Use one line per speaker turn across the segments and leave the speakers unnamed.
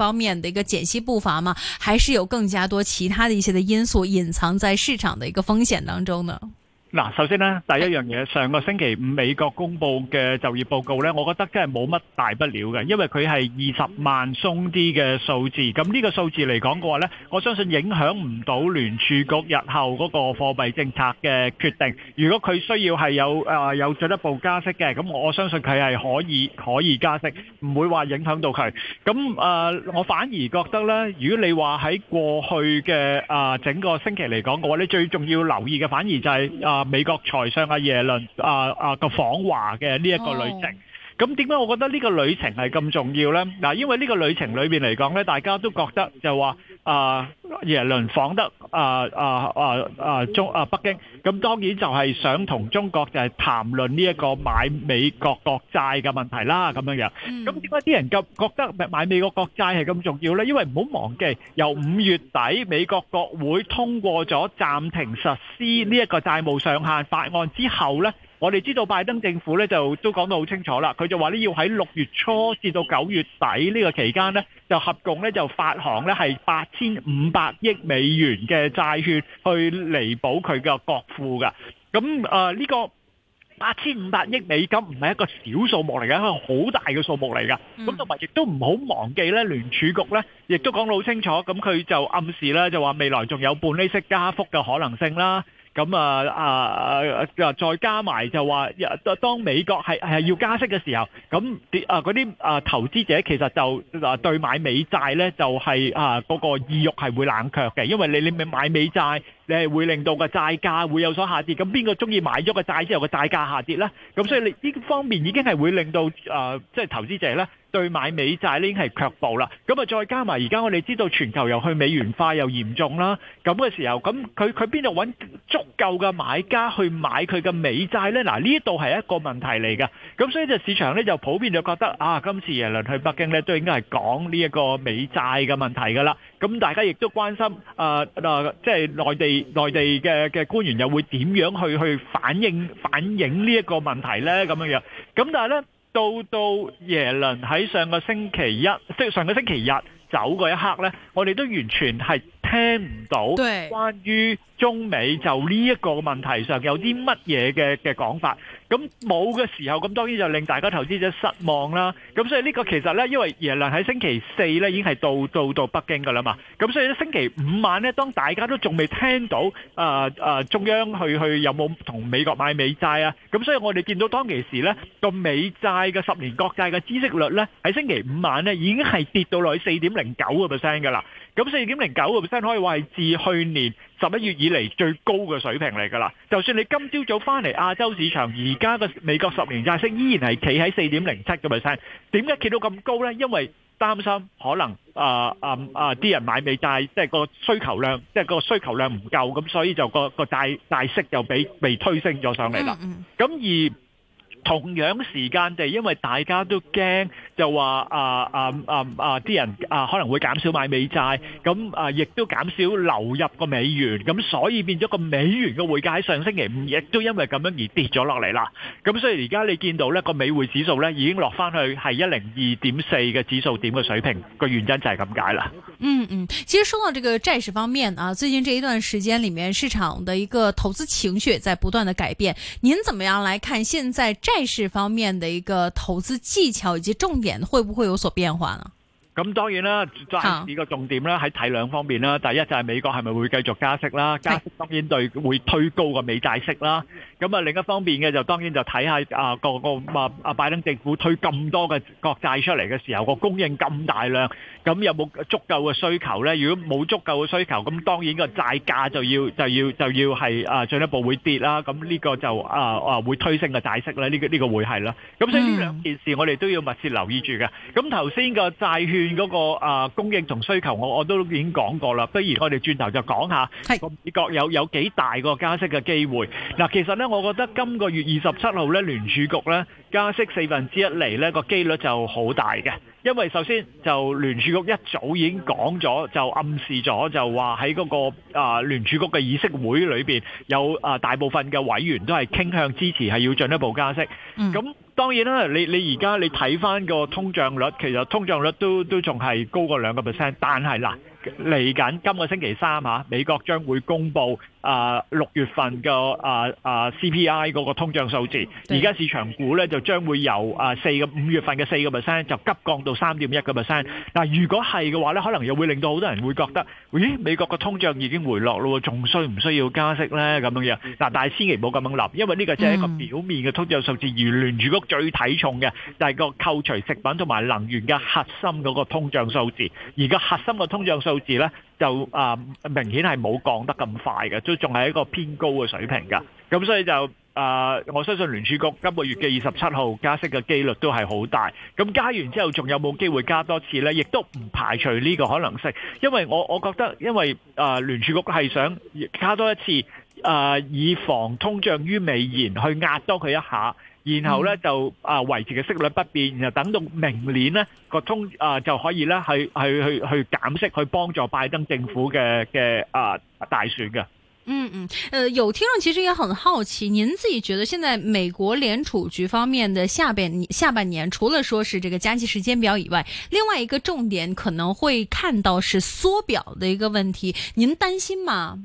方面的一個減息步伐嘛，還是有更加多其他的一些的因素隱藏在市場的一個風險當中呢？
嗱，首先咧，第一樣嘢，上個星期五美國公布嘅就業報告咧，我覺得真係冇乜大不了嘅，因為佢係二十萬鬆啲嘅數字。咁呢個數字嚟講嘅話咧，我相信影響唔到聯儲局日後嗰個貨幣政策嘅決定。如果佢需要係有啊有進一步加息嘅，咁我相信佢係可以可以加息，唔會話影響到佢。咁啊，我反而覺得咧，如果你話喺過去嘅啊整個星期嚟講嘅話，你最重要留意嘅反而就係啊。啊！美國財長啊，耶倫啊啊，啊，啊的個訪華嘅呢一個旅程。Oh. 咁點解我覺得呢個旅程係咁重要呢？嗱，因為呢個旅程裏面嚟講呢，大家都覺得就話啊耶倫訪得啊啊啊啊中啊北京，咁當然就係想同中國就係談論呢一個買美國國債嘅問題啦，咁樣樣。咁點解啲人覺覺得買美國國債係咁重要呢？因為唔好忘記，由五月底美國國會通過咗暫停實施呢一個債務上限法案之後呢。我哋知道拜登政府咧就都講得好清楚啦，佢就話呢要喺六月初至到九月底呢個期間呢，就合共咧就發行咧係八千五百億美元嘅債券去彌補佢嘅國庫噶。咁啊呢個八千五百億美金唔係一個小數目嚟嘅，係好大嘅數目嚟噶。咁同埋亦都唔好忘記咧聯儲局咧亦都講得好清楚，咁佢就暗示咧就話未來仲有半厘息加幅嘅可能性啦。咁啊啊啊，再加埋就話，當美國係係要加息嘅時候，咁啊嗰啲啊投資者其實就啊對買美債咧就係啊嗰個意欲係會冷卻嘅，因為你你咪買美債，你係會令到個債價會有所下跌，咁邊個中意買咗個債之後個債價下跌咧？咁所以你呢方面已經係會令到即係、啊即係、投資者咧。對買美債已經係卻步啦，咁啊再加埋而家我哋知道全球又去美元化又嚴重啦，咁嘅時候，咁佢佢邊度搵足夠嘅買家去買佢嘅美債呢？嗱呢度係一個問題嚟㗎，咁所以隻市場呢就普遍就覺得啊，今次耶倫去北京呢都應該係講呢一個美債嘅問題㗎啦。咁大家亦都關心啊嗱，即係內地內地嘅嘅官員又會點樣去去反映反映呢一個問題呢？咁樣樣，咁但係呢。到到耶倫喺上個星期一，即係上個星期日走嗰一刻呢，我哋都完全係聽唔到關於。中美就呢一個問題上有啲乜嘢嘅嘅講法？咁冇嘅時候，咁當然就令大家投資者失望啦。咁所以呢個其實咧，因為耶倫喺星期四咧已經係到到到北京噶啦嘛。咁所以咧星期五晚咧，當大家都仲未聽到誒誒中央去去有冇同美國買美債啊？咁所以我哋見到當其時咧，個美債嘅十年國債嘅孳息率咧喺星期五晚咧已經係跌到落去四點零九個 percent 噶啦。咁四點零九個 percent 可以話係自去年。十一月以嚟最高嘅水平嚟噶啦，就算你今朝早翻嚟亞洲市場，而家個美國十年債息依然係企喺四點零七嘅 percent。點解企到咁高呢？因為擔心可能啊啊啊啲人買美債，即係個需求量，即係個需求量唔夠，咁所以就個個債債息又俾被未推升咗上嚟啦。咁而同樣時間就係，因為大家都驚，就話啊啊啊啊，啲、啊啊、人啊可能會減少買美債，咁啊亦都減少流入個美元，咁所以變咗個美元嘅匯價喺上星期五亦都因為咁樣而跌咗落嚟啦。咁所以而家你見到呢個美匯指數呢，已經落翻去係一零二點四嘅指數點嘅水平，原個原因就係咁解啦。
嗯嗯，其實說到這個債市方面啊，最近這一段時間裏面，市場嘅一個投資情緒在不斷的改變，您怎麼樣來看現在債？賽飾方面的一個投資技巧以及重點會不會有所變化呢？
咁當然啦，即係市個重點啦，喺睇兩方面啦。第一就係美國係咪會繼續加息啦？加息當然對會推高個美債息啦。咁啊，另一方面嘅就當然就睇下啊，個個啊啊拜登政府推咁多嘅國債出嚟嘅時候，個供應咁大量，咁有冇足夠嘅需求咧？如果冇足夠嘅需求，咁當然個債價就要就要就要係啊進一步會跌啦。咁呢個就啊啊會推升個債息啦。呢個呢個會係啦。咁所以呢兩件事我哋都要密切留意住嘅。咁頭先個債券。斷、那、嗰個啊供應同需求，我我都已經講過啦。不如我哋轉頭就講下，美國有有幾大個加息嘅機會嗱。其實咧，我覺得今個月二十七號咧聯儲局咧加息四分之一嚟咧個機率就好大嘅。因為首先就聯儲局一早已經講咗，就暗示咗就話喺嗰個啊聯儲局嘅議息會裏邊有啊大部分嘅委員都係傾向支持係要進一步加息。咁、嗯、當然啦，你你而家你睇翻個通脹率，其實通脹率都都仲係高過兩個 percent，但係啦嚟緊今個星期三吓、啊，美國將會公布，啊，六月份嘅啊啊 CPI 嗰個通脹數字，而家市場估咧就將會由啊四個五月份嘅四個 percent 就急降到三點一個 percent。但係，如果係嘅話咧，可能又會令到好多人會覺得，咦，美國嘅通脹已經回落咯，仲需唔需要加息咧？咁樣嘅。嗱，但係千祈唔好咁樣諗，因為呢個就係一個表面嘅通脹數字，而聯儲局最睇重嘅就係個扣除食品同埋能源嘅核心嗰個通脹數字，而個核心嘅通脹數字咧。就啊，明顯係冇降得咁快嘅，都仲係一個偏高嘅水平㗎。咁所以就啊，我相信聯儲局今個月嘅二十七號加息嘅機率都係好大。咁加完之後，仲有冇機會加多次呢？亦都唔排除呢個可能性，因為我我覺得，因為啊聯儲局係想加多一次啊，以防通脹於未然，去壓多佢一下。然後呢，就啊，維持嘅息率不變，然後等到明年呢個通啊，就可以呢去去去去減息，去幫助拜登政府嘅嘅啊大選嘅。嗯嗯，誒，
有聽眾其實也很好奇，您自己覺得現在美國聯儲局方面的下半下半年，除了說是這個加息時間表以外，另外一個重點可能會看到是縮表的一個問題，您擔心嗎？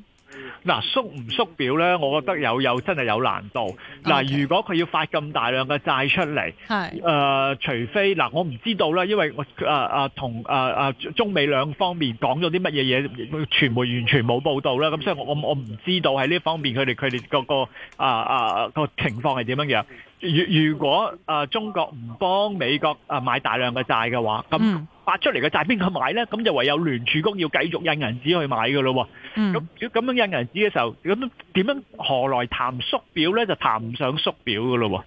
嗱、啊，縮唔縮表咧？我覺得有有真係有難度。嗱、啊，如果佢要發咁大量嘅債出嚟，誒、
okay.
呃，除非嗱、啊，我唔知道啦，因為啊啊，同啊啊中美兩方面講咗啲乜嘢嘢，傳媒完全冇報道啦。咁所以我我我唔知道喺呢方面佢哋佢哋嗰個啊啊個情況係點樣樣。如如果啊中國唔幫美國啊買大量嘅債嘅話，咁發出嚟嘅債邊個買咧？咁就唯有聯儲局要繼續印銀紙去買嘅咯。咁咁樣印銀紙嘅時候，咁點樣何來談縮表咧？就談唔上縮表嘅咯。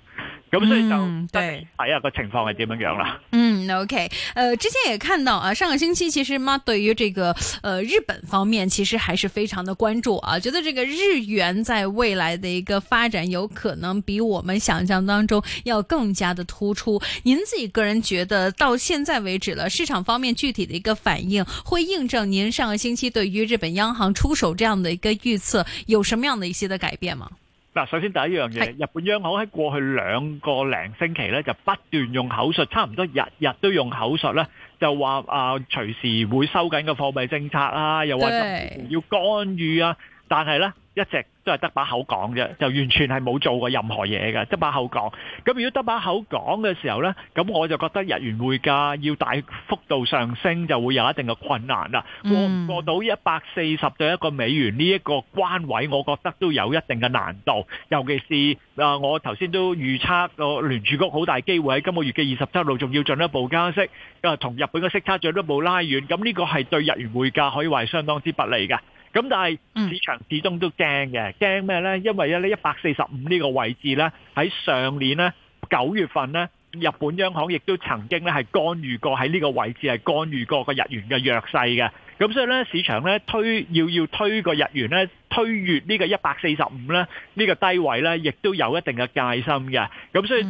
咁所以就對，係啊個情況係點樣樣啦？
嗯，OK，呃之前也看到啊，上個星期其實媽對於這個呃日本方面，其實還是非常的關注啊，覺得這個日元在未來的一個發展，有可能比我們想象當中要更加的突出。您自己個人覺得到現在為止了，市場方面具體的一個反應，會印證您上個星期對於日本央行出手這樣的一個預測，有什麼樣的一些的改變嗎？
嗱，首先第一樣嘢，日本央行喺過去兩個零星期咧，就不斷用口述，差唔多日日都用口述咧，就話啊隨時會收緊嘅貨幣政策啊，又話要干預啊，但係咧一直。都係得把口講啫，就完全係冇做過任何嘢嘅，得把口講。咁如果得把口講嘅時候呢，咁我就覺得日元匯價要大幅度上升就會有一定嘅困難啦。過唔過到一百四十對一個美元呢一個關位，我覺得都有一定嘅難度。尤其是啊，我頭先都預測個聯儲局好大機會喺今個月嘅二十七號仲要進一步加息，啊，同日本嘅息差進一步拉遠，咁呢個係對日元匯價可以話係相當之不利嘅。咁但係市場始終都驚嘅，驚咩咧？因為咧，一百四十五呢個位置咧，喺上年咧九月份咧，日本央行亦都曾經咧係干預過喺呢個位置係干預過個日元嘅弱勢嘅。咁所以咧，市場咧推要要推個日元咧，推越呢個一百四十五咧，呢個低位咧，亦都有一定嘅戒心嘅。咁所以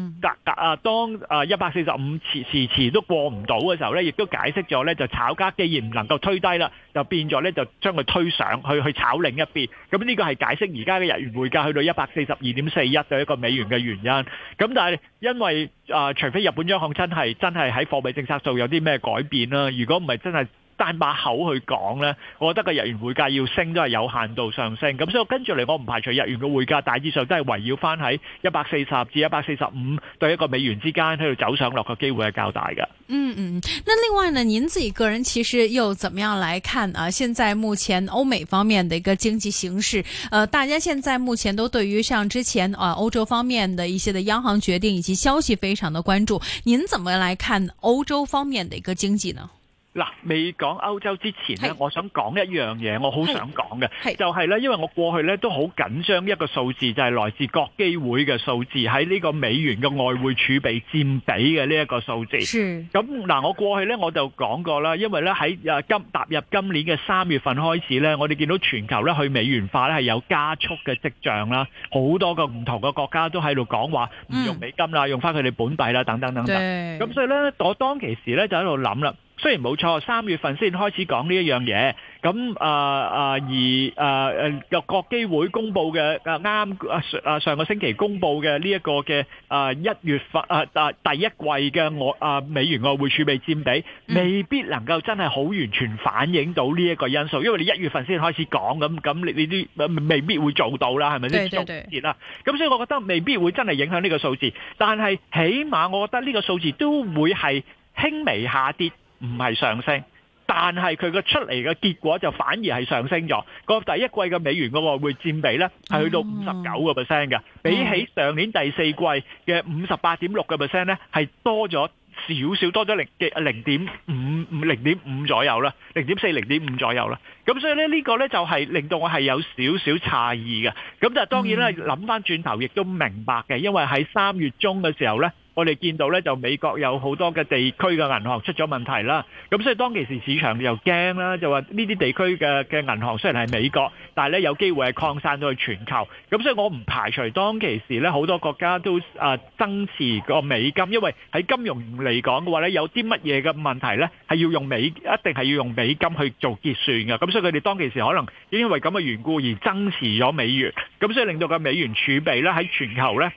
啊、嗯，當啊一百四十五遲遲遲都過唔到嘅時候咧，亦都解釋咗咧，就炒家既然唔能夠推低啦，就變咗咧就將佢推上去去炒另一邊。咁呢個係解釋而家嘅日元匯價去到一百四十二點四一對一個美元嘅原因。咁但係因為啊、呃，除非日本央行真係真係喺貨幣政策度有啲咩改變啦、啊，如果唔係真係。但把口去講呢，我覺得個日元匯價要升都係有限度上升，咁所以我跟住嚟我唔排除日元嘅匯價大致上都係圍繞翻喺一百四十至一百四十五對一個美元之間，喺度走上落嘅機會係較大嘅。
嗯嗯，那另外呢，您自己個人其實又怎麼樣來看啊？現在目前歐美方面嘅一個經濟形勢，呃，大家現在目前都對於像之前啊歐洲方面的一些的央行決定以及消息非常的關注，您怎麼來看歐洲方面嘅一個經濟呢？
嗱，未講歐洲之前咧，我想講一樣嘢，我好想講嘅，就係咧，因為我過去咧都好緊張一個數字，就係、是、來自國基會嘅數字，喺呢個美元嘅外匯儲備佔比嘅呢一個數字。咁嗱，我過去咧我就講過啦，因為咧喺啊今踏入今年嘅三月份開始咧，我哋見到全球咧去美元化咧係有加速嘅跡象啦，好多個唔同嘅國家都喺度講話唔用美金啦、嗯，用翻佢哋本幣啦，等等等等。咁所以咧，我當其時咧就喺度諗啦。雖然冇錯，三月份先開始講呢一樣嘢，咁啊啊而啊誒由國基會公佈嘅啊啱啊啊上個星期公佈嘅呢一個嘅啊一月份啊啊第一季嘅外啊美元外匯儲備佔比，未必能夠真係好完全反映到呢一個因素，因為你一月份先開始講，咁咁你你都未必會做到啦，係咪啲續熱啦？咁所以我覺得未必會真係影響呢個數字，但係起碼我覺得呢個數字都會係輕微下跌。唔係上升，但係佢個出嚟嘅結果就反而係上升咗。個第一季嘅美元個匯會佔比咧，係去到五十九個 percent 嘅，比起上年第四季嘅五十八點六個 percent 咧，係多咗少少，多咗零嘅零點五五零點五左右啦，零點四零點五左右啦。咁所以咧呢、呢個咧就係令到我係有少少詫異嘅。咁就係當然咧，諗翻轉頭亦都明白嘅，因為喺三月中嘅時候咧。我哋見到咧，就美國有好多嘅地區嘅銀行出咗問題啦。咁所以當其時市場又驚啦，就話呢啲地區嘅嘅銀行雖然係美國，但係咧有機會係擴散到去全球。咁所以我唔排除當其時咧好多國家都啊增持個美金，因為喺金融嚟講嘅話咧，有啲乜嘢嘅問題咧係要用美一定係要用美金去做結算嘅。咁所以佢哋當其時可能因為咁嘅緣故而增持咗美元。咁所以令到個美元儲備咧喺全球咧。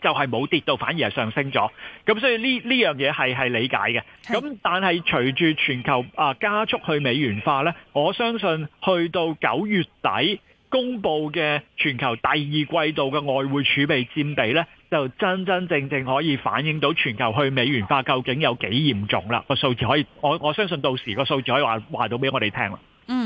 就係、是、冇跌到，反而係上升咗。咁所以呢呢樣嘢係係理解嘅。咁但係隨住全球啊加速去美元化呢，我相信去到九月底公佈嘅全球第二季度嘅外匯儲備佔比呢，就真真正正可以反映到全球去美元化究竟有幾嚴重啦。個數字可以，我我相信到時個數字可以話話到俾我哋聽啦。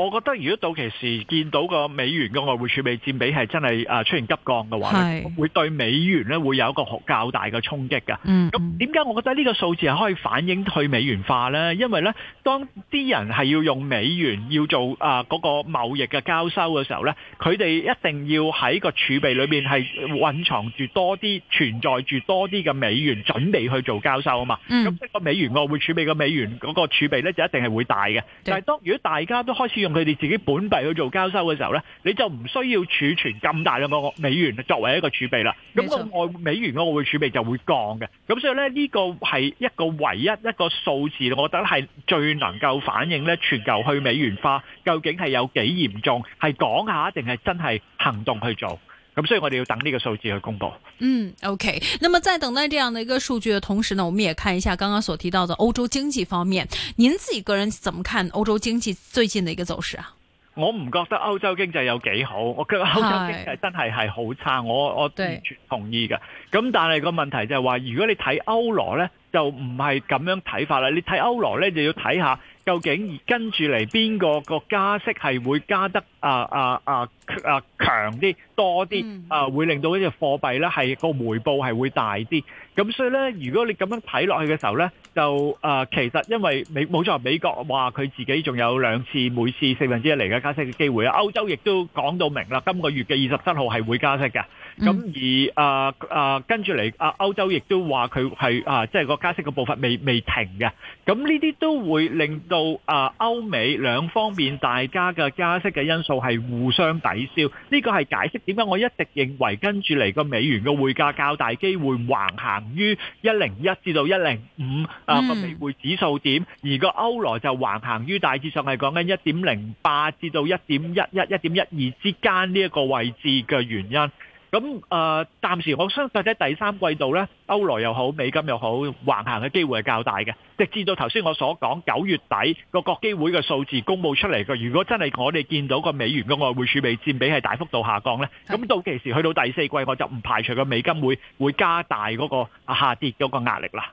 我覺得如果到期時見到個美元嘅外匯儲備佔比係真係誒出現急降嘅話咧，會對美元咧會有一個較大嘅衝擊㗎。咁點解我覺得呢個數字係可以反映去美元化呢？因為呢，當啲人係要用美元要做誒嗰、啊嗰個貿易嘅交收嘅時候呢，佢哋一定要喺個儲備裏面係蘊藏住多啲存在住多啲嘅美元準備去做交收啊嘛。咁、嗯、即、嗰個美元外匯儲備嘅美元嗰個儲備呢就一定係會大嘅。但係當如果大家都開始用佢哋自己本幣去做交收嘅時候呢，你就唔需要儲存咁大量嘅美元作為一個儲備啦。咁個外美元嘅外匯儲備就會降嘅。咁所以呢，呢個係一個唯一一個數字，我覺得係最能夠反映呢全球去美元化究竟係有幾嚴重，係講下定係真係行動去做。咁所以我哋要等呢個數字去公布。嗯
，OK。那麼在等待這樣的一個數據的同時呢，我們也看一下剛剛所提到的歐洲經濟方面。您自己個人怎麼看歐洲經濟最近的一個走勢啊？
我唔覺得歐洲經濟有幾好，我覺得歐洲經濟真係係好差。我我完全同意嘅。咁但係個問題就係話，如果你睇歐羅咧。就唔係咁樣睇法啦。你睇歐羅呢，就要睇下究竟跟住嚟邊個個加息係會加得啊啊啊啊強啲多啲啊，會令到呢隻貨幣呢係個回報係會大啲。咁所以呢，如果你咁樣睇落去嘅時候呢，就啊，其實因為美冇錯，美國話佢自己仲有兩次，每次四分之一嚟嘅加息嘅機會啦。歐洲亦都講到明啦，今個月嘅二十七號係會加息嘅。咁、嗯、而啊啊，跟住嚟啊，歐洲亦都話佢係啊，即係個加息嘅步伐未未停嘅。咁呢啲都會令到啊，歐美兩方面大家嘅加息嘅因素係互相抵消。呢個係解釋點解我一直認為跟住嚟個美元嘅匯價較大機會橫行於一零一至到一零五啊個美匯指數點，而個歐羅就橫行於大致上係講緊一點零八至到一點一一、一點一二之間呢一個位置嘅原因。咁誒、呃，暫時我相信喺第三季度咧，歐羅又好，美金又好，橫行嘅機會係較大嘅。直至到頭先我所講九月底個國基會嘅數字公佈出嚟嘅，如果真係我哋見到個美元嘅外匯儲備佔比係大幅度下降咧，咁到其時去到第四季，我就唔排除個美金會會加大嗰個啊下跌嗰個壓力啦。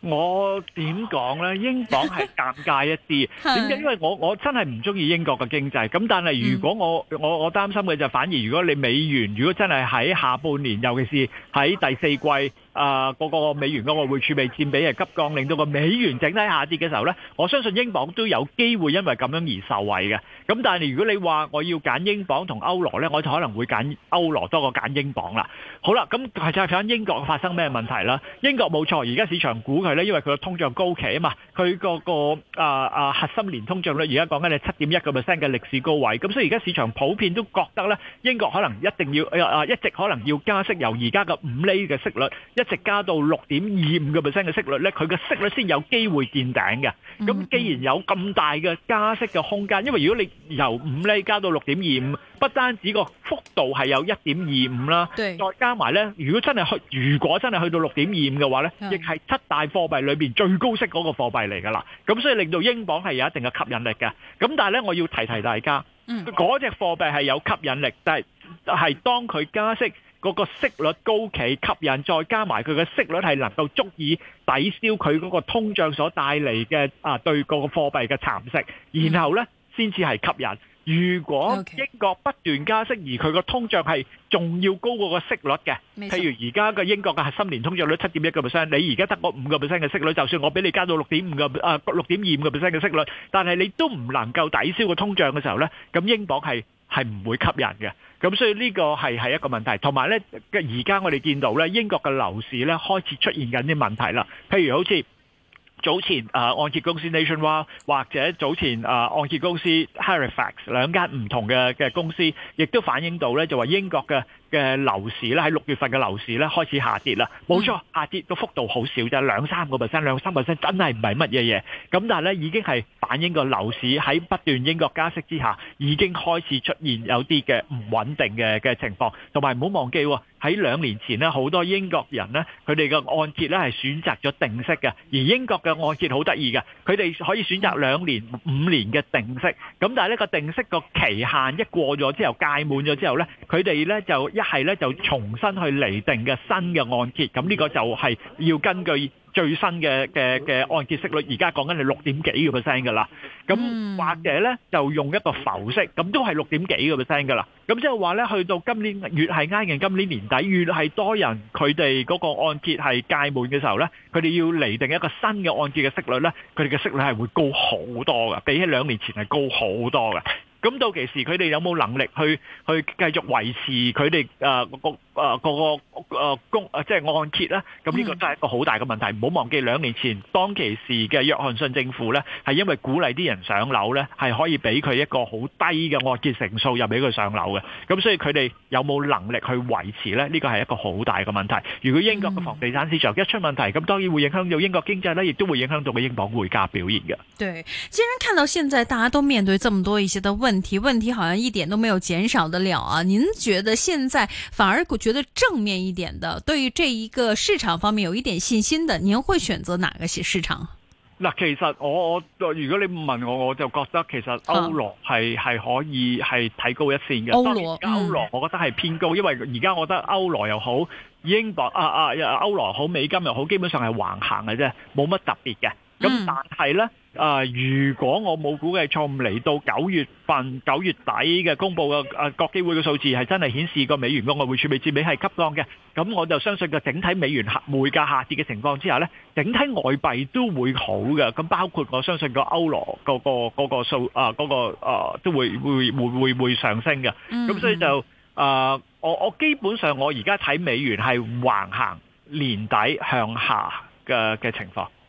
我點講呢？英鎊係尷尬一啲，點解？因為我我真係唔中意英國嘅經濟。咁但係如果我我我擔心嘅就反而，如果你美元如果真係喺下半年，尤其是喺第四季。誒個個美元嗰個外匯儲備佔比係急降，令到個美元整體下跌嘅時候咧，我相信英鎊都有機會因為咁樣而受惠嘅。咁但係如果你話我要揀英鎊同歐羅咧，我就可能會揀歐羅多過揀英鎊啦。好啦，咁係就係睇下英國發生咩問題啦。英國冇錯，而家市場估佢咧，因為佢個通脹高企啊嘛，佢個個啊啊核心年通脹率而家講緊係七點一個 percent 嘅歷史高位。咁所以而家市場普遍都覺得咧，英國可能一定要啊一直可能要加息，由而家嘅五厘嘅息率一直加到六點二五個 percent 嘅息率咧，佢嘅息率先有機會見頂嘅。咁既然有咁大嘅加息嘅空間，因為如果你由五厘加到六點二五，不單止個幅度係有一點二五啦，再加埋咧，如果真係去，如果真係去到六點二五嘅話咧，亦係七大貨幣裏邊最高息嗰個貨幣嚟㗎啦。咁所以令到英鎊係有一定嘅吸引力嘅。咁但係咧，我要提提大家，嗰隻貨幣係有吸引力，但係係當佢加息。嗰個息率高企吸引，再加埋佢嘅息率係能夠足以抵消佢嗰個通脹所帶嚟嘅啊對個貨幣嘅蠶食，然後呢先至係吸引。如果英國不斷加息，而佢個通脹係仲要高過個息率嘅，譬如而家嘅英國嘅核心年通脹率七點一個 percent，你而家得個五個 percent 嘅息率，就算我俾你加到六點五個啊六點二五個 percent 嘅息率，但係你都唔能夠抵消個通脹嘅時候呢，咁英鎊係。係唔會吸引嘅，咁所以呢個係係一個問題。同埋呢，而家我哋見到呢英國嘅樓市呢開始出現緊啲問題啦。譬如好似早前啊按揭公司 Nationwide 或者早前啊按揭公司 Halifax 兩間唔同嘅嘅公司，亦都反映到呢就話英國嘅。嘅樓市咧，喺六月份嘅樓市咧，開始下跌啦，冇錯下跌個幅度好少就兩三個 percent、兩三 percent 真係唔係乜嘢嘢。咁但係咧，已經係反映個樓市喺不斷英國加息之下，已經開始出現有啲嘅唔穩定嘅嘅情況。同埋唔好忘記喎，喺兩年前呢，好多英國人呢，佢哋嘅按揭咧，係選擇咗定息嘅，而英國嘅按揭好得意嘅，佢哋可以選擇兩年、五年嘅定息。咁但係呢個定息個期限一過咗之後，屆滿咗之後呢，佢哋呢就。一係咧就重新去釐定嘅新嘅按揭，咁呢個就係要根據最新嘅嘅嘅按揭息率，而家講緊係六點幾個 percent 嘅啦。咁或者咧就用一個浮息，咁都係六點幾個 percent 嘅啦。咁即係話咧，去到今年越係挨近今年年底，越係多人佢哋嗰個按揭係屆滿嘅時候咧，佢哋要釐定一個新嘅按揭嘅息率咧，佢哋嘅息率係會高好多嘅，比起兩年前係高好多嘅。咁到其時佢哋有冇能力去去繼續維持佢哋誒個誒個個誒供誒即係按揭咧？咁呢個都係一個好大嘅問題。唔好忘記兩年前當其時嘅約翰遜政府咧，係因為鼓勵啲人上樓咧，係可以俾佢一個好低嘅按揭成數入俾佢上樓嘅。咁所以佢哋有冇能力去維持咧？呢個係一個好大嘅問題。如果英國嘅房地產市場一出問題，咁當然會影響到英國經濟咧，亦都會影響到嘅英鎊匯價表現嘅。
對，既然看到現在大家都面對這麼多一些的問，問題問題好像一點都沒有減少得了啊！您覺得現在反而覺得正面一點的，對於這一個市場方面有一點信心的，您會選擇哪個市場？
嗱，其實我我如果你唔問我，我就覺得其實歐羅係係、啊、可以係提高一線嘅，包括歐羅，歐羅我覺得係偏高，嗯、因為而家我覺得歐羅又好，英鎊啊啊歐羅好，美金又好，基本上係橫行嘅啫，冇乜特別嘅。咁但係咧。嗯啊！如果我冇估計錯誤，嚟到九月份九月底嘅公佈嘅啊國基會嘅數字係真係顯示個美元嘅外匯儲備佔比係急降嘅，咁我就相信個整體美元下匯價下跌嘅情況之下咧，整體外幣都會好嘅。咁包括我相信個歐羅個個嗰個數啊嗰個啊都會會會會上升嘅。咁所以就啊，我我基本上我而家睇美元係橫行年底向下嘅嘅情況。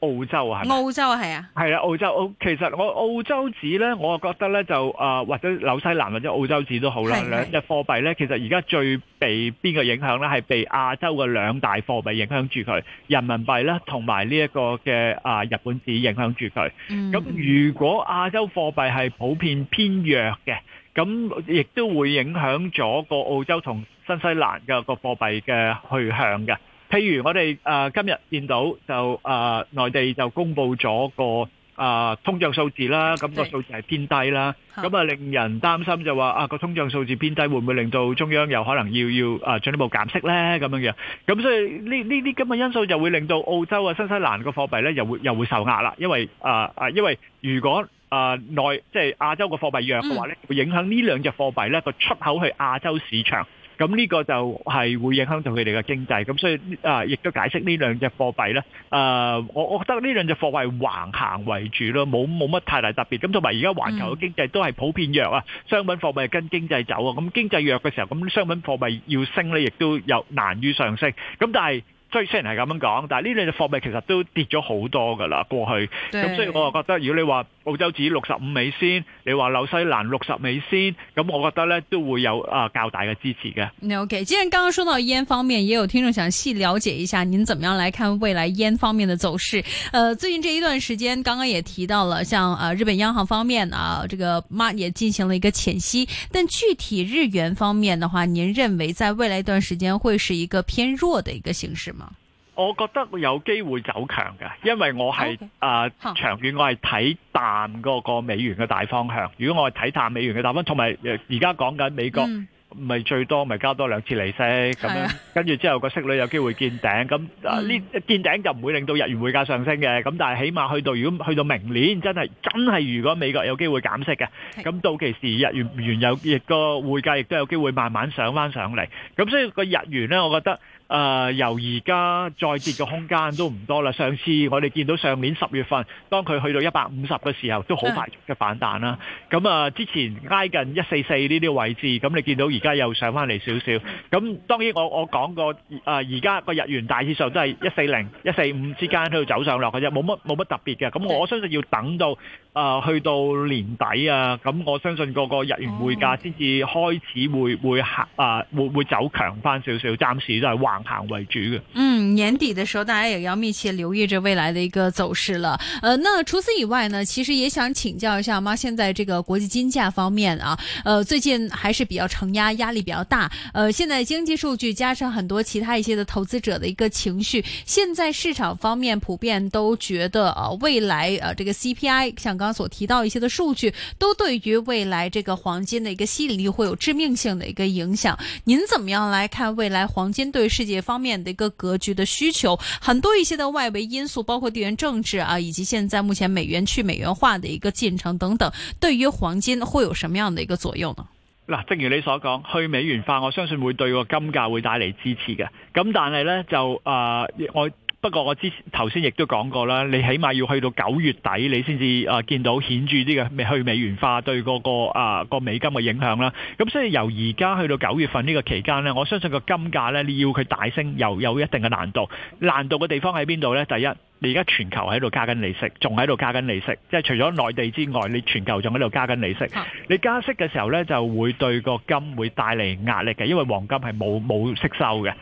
澳洲係澳洲係啊。係啊，澳洲。其實我澳洲紙呢，我覺得呢，就、呃、啊，或者紐西蘭或者澳洲紙都好啦。兩隻貨幣呢，其實而家最被邊個影響呢，係被亞洲嘅兩大貨幣影響住佢。人民幣咧，同埋呢一個嘅啊日本紙影響住佢。咁、嗯、如果亞洲貨幣係普遍偏弱嘅，咁亦都會影響咗個澳洲同新西蘭嘅個貨幣嘅去向嘅。譬如我哋啊，今日見到就啊，內地就公布咗個啊通脹數字啦，咁個數字係偏低啦，咁啊令人擔心就話啊個通脹數字偏低會唔會令到中央有可能要要啊進一步減息咧，咁樣樣，咁所以呢呢啲咁嘅因素就會令到澳洲啊新西蘭個貨幣咧又會又會受壓啦，因為啊啊因為如果啊內即係亞洲個貨幣弱嘅話咧，會影響呢兩隻貨幣咧個出口去亞洲市場。咁呢個就係會影響到佢哋嘅經濟，咁所以啊，亦都解釋呢兩隻貨幣咧，啊，我我覺得呢兩隻貨幣橫行為主咯，冇冇乜太大特別。咁同埋而家環球嘅經濟都係普遍弱啊、嗯，商品貨幣跟經濟走啊，咁經濟弱嘅時候，咁商品貨幣要升咧，亦都有難於上升。咁但係雖然係咁樣講，但係呢兩隻貨幣其實都跌咗好多噶啦，過去。咁所以我啊覺得，如果你話，澳洲紙六十五美仙，你話紐西蘭六十美仙，咁我覺得呢都會有啊、呃、較大嘅支持嘅。
OK，既然剛剛說到煙方面，也有聽眾想細了解一下，您怎麼樣來看未來煙方面的走勢？呃，最近這一段時間，剛剛也提到了，像啊、呃、日本央行方面呢、啊，這個 mark 也進行了一個減息，但具體日元方面的話，您認為在未來一段時間會是一個偏弱的一個形式嗎？
我覺得有機會走強嘅，因為我係誒、okay. 呃、長遠，我係睇淡嗰個美元嘅大方向。 如果我係睇淡美元嘅大方向，同埋而家講緊美國、嗯，咪最多咪加多兩次利息咁、嗯、樣跟住、啊、之後個息率有機會見頂。咁呢、嗯啊、見頂就唔會令到日元匯價上升嘅。咁但係起碼去到如果去到明年，真係真係如果美國有機會減息嘅，咁到其時日元原有個匯價亦都有機會慢慢上返上嚟。咁所以個日元呢，我覺得。誒、呃，由而家再跌嘅空間都唔多啦。上次我哋見到上年十月份，當佢去到一百五十嘅時候，都好快嘅反彈啦。咁啊、呃，之前挨近一四四呢啲位置，咁你見到而家又上翻嚟少少。咁當然我，我我講過，誒而家個日元大致上都係一四零、一四五之間喺度走上落嘅啫，冇乜冇乜特別嘅。咁我相信要等到。誒、呃，去到年底啊，咁我相信個個日元匯價先至開始會會吓啊，會會走強翻少少，暫時都係橫行為主嘅。
嗯，年底嘅時候，大家也要密切留意着未來的一個走勢啦。呃，那除此以外呢，其實也想請教一下，嘛，現在這個國際金價方面啊，呃，最近還是比較承壓，壓力比較大。呃，現在經濟數據加上很多其他一些的投資者的一個情緒，現在市場方面普遍都覺得啊、呃，未來啊、呃，這個 CPI 像。剛剛所提到一些的數據，都對於未來這個黃金的一個吸引力會有致命性的一個影響。您怎麼樣來看未來黃金對世界方面的一個格局的需求？很多一些的外圍因素，包括地緣政治啊，以及現在目前美元去美元化的一個進程等等，對於黃金會有什麼樣的一個作用呢？
嗱，正如你所講，去美元化，我相信會對個金價會帶嚟支持嘅。咁，但係呢，就啊、呃，我。不過我之前頭先亦都講過啦，你起碼要去到九月底，你先至啊見到顯著啲嘅去美元化對嗰個啊個美金嘅影響啦。咁所以由而家去到九月份呢個期間咧，我相信個金價咧，你要佢大升又有一定嘅難度。難度嘅地方喺邊度咧？第一，你而家全球喺度加緊利息，仲喺度加緊利息，即係除咗內地之外，你全球仲喺度加緊利息。你加息嘅時候咧，就會對個金會帶嚟壓力嘅，因為黃金係冇冇息收嘅。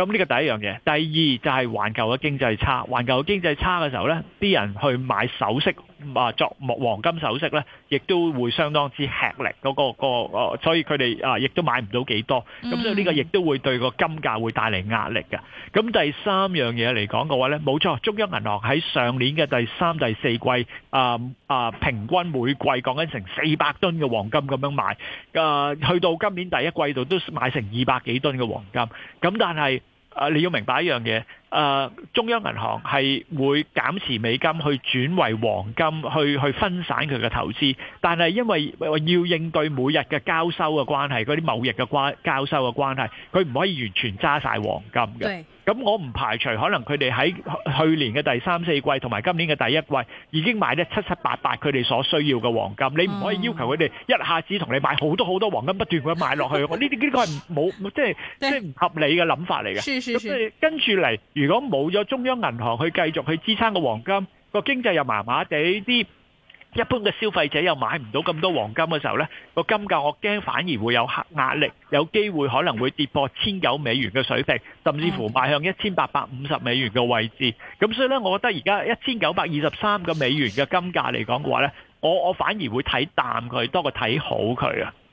咁呢個第一樣嘢，第二就係環球嘅經濟差，環球經濟差嘅時候咧，啲人去買首飾啊，作木黃金首飾咧，亦都會相當之吃力，嗰個個哦，所以佢哋啊，亦都買唔到幾多。咁所以呢個亦都會對個金價會帶嚟壓力嘅。咁第三樣嘢嚟講嘅話咧，冇錯，中央銀行喺上年嘅第三、第四季啊啊，平均每季講緊成四百噸嘅黃金咁樣買，誒，去到今年第一季度都買成二百幾噸嘅黃金，咁但係。啊！你要明白一樣嘢，誒，中央銀行係會減持美金去轉為黃金，去去分散佢嘅投資。但係因為要應對每日嘅交收嘅關係，嗰啲貿易嘅關交收嘅關係，佢唔可以完全揸晒黃金嘅。咁我唔排除可能佢哋喺去年嘅第三四季同埋今年嘅第一季已經買得七七八八佢哋所需要嘅黃金，你唔可以要求佢哋一下子同你買好多好多黃金，不斷咁買落去，我呢啲呢個係冇即係即係唔合理嘅諗法嚟嘅。咁即係跟住嚟，如果冇咗中央銀行去繼續去支撐個黃金，個經濟又麻麻哋啲。一般嘅消費者又買唔到咁多黃金嘅時候，呢個金價我驚反而會有壓壓力，有機會可能會跌破千九美元嘅水平，甚至乎邁向一千八百五十美元嘅位置。咁所以呢，我覺得而家一千九百二十三個美元嘅金價嚟講嘅話呢，我我反而會睇淡佢多過睇好佢啊。